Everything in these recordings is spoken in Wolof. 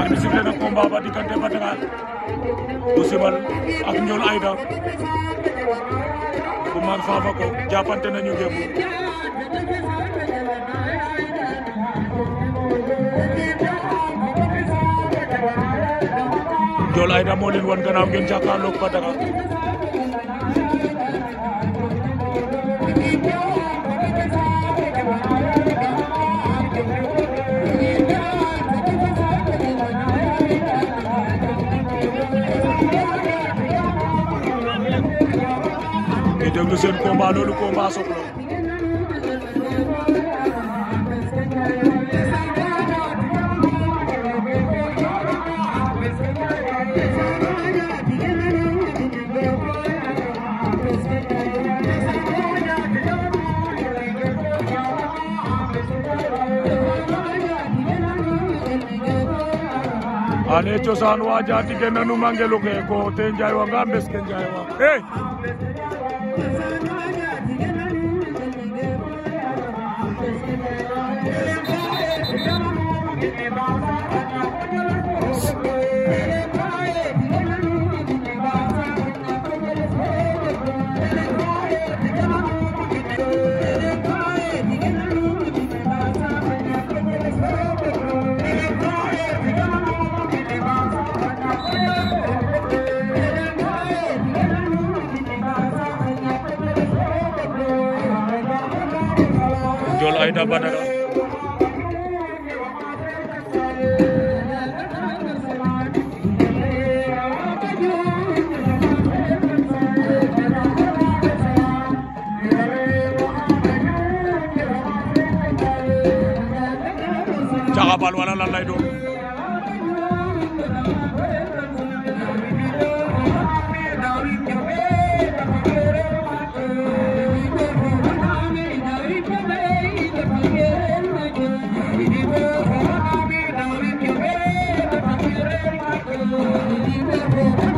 arbitre sifflé na combat ba diggante Badangar bu Simal ak Ndiol Aïda bu Mar Fafako jàppante nañu gépp Ndiol Aïda moo leen wan gannaaw ngeen jàkkaarloog Badangar di déglu seen combat loolu combat soxla ane cosaan waa jaati ke nanu mangelu ke ko te njaywa nga mbes ke njaywa hey! Thank you. Ndiol Aïda Badaga caxabal wala lan lay doon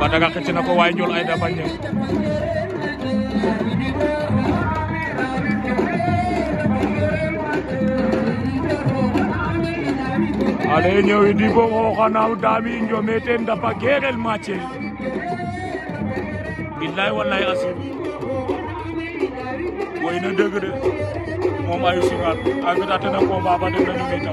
Badaga xëcc na ko waaye Ndiol Aïda bañ na ale ñëwidi bo xooxanaw daami i njome teen ndapa geerel mace billaay wallaay asin woy na dëgg de moom ayu singaan a ngata tena ko baba den na ñu meta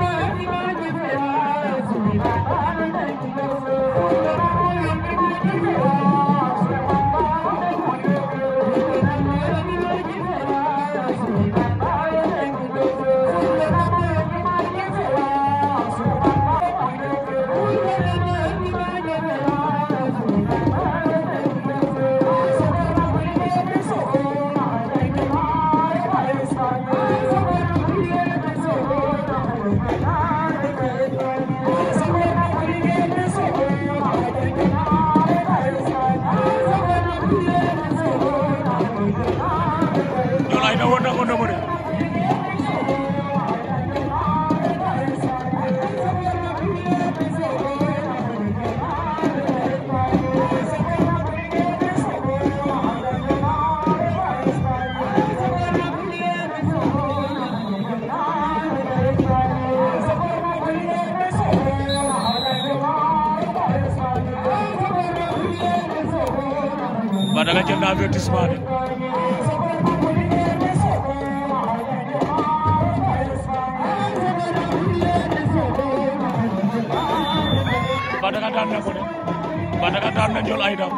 Ama da nga jël na avertissement bi Badara daan na ko de Badara daan na jël ay dam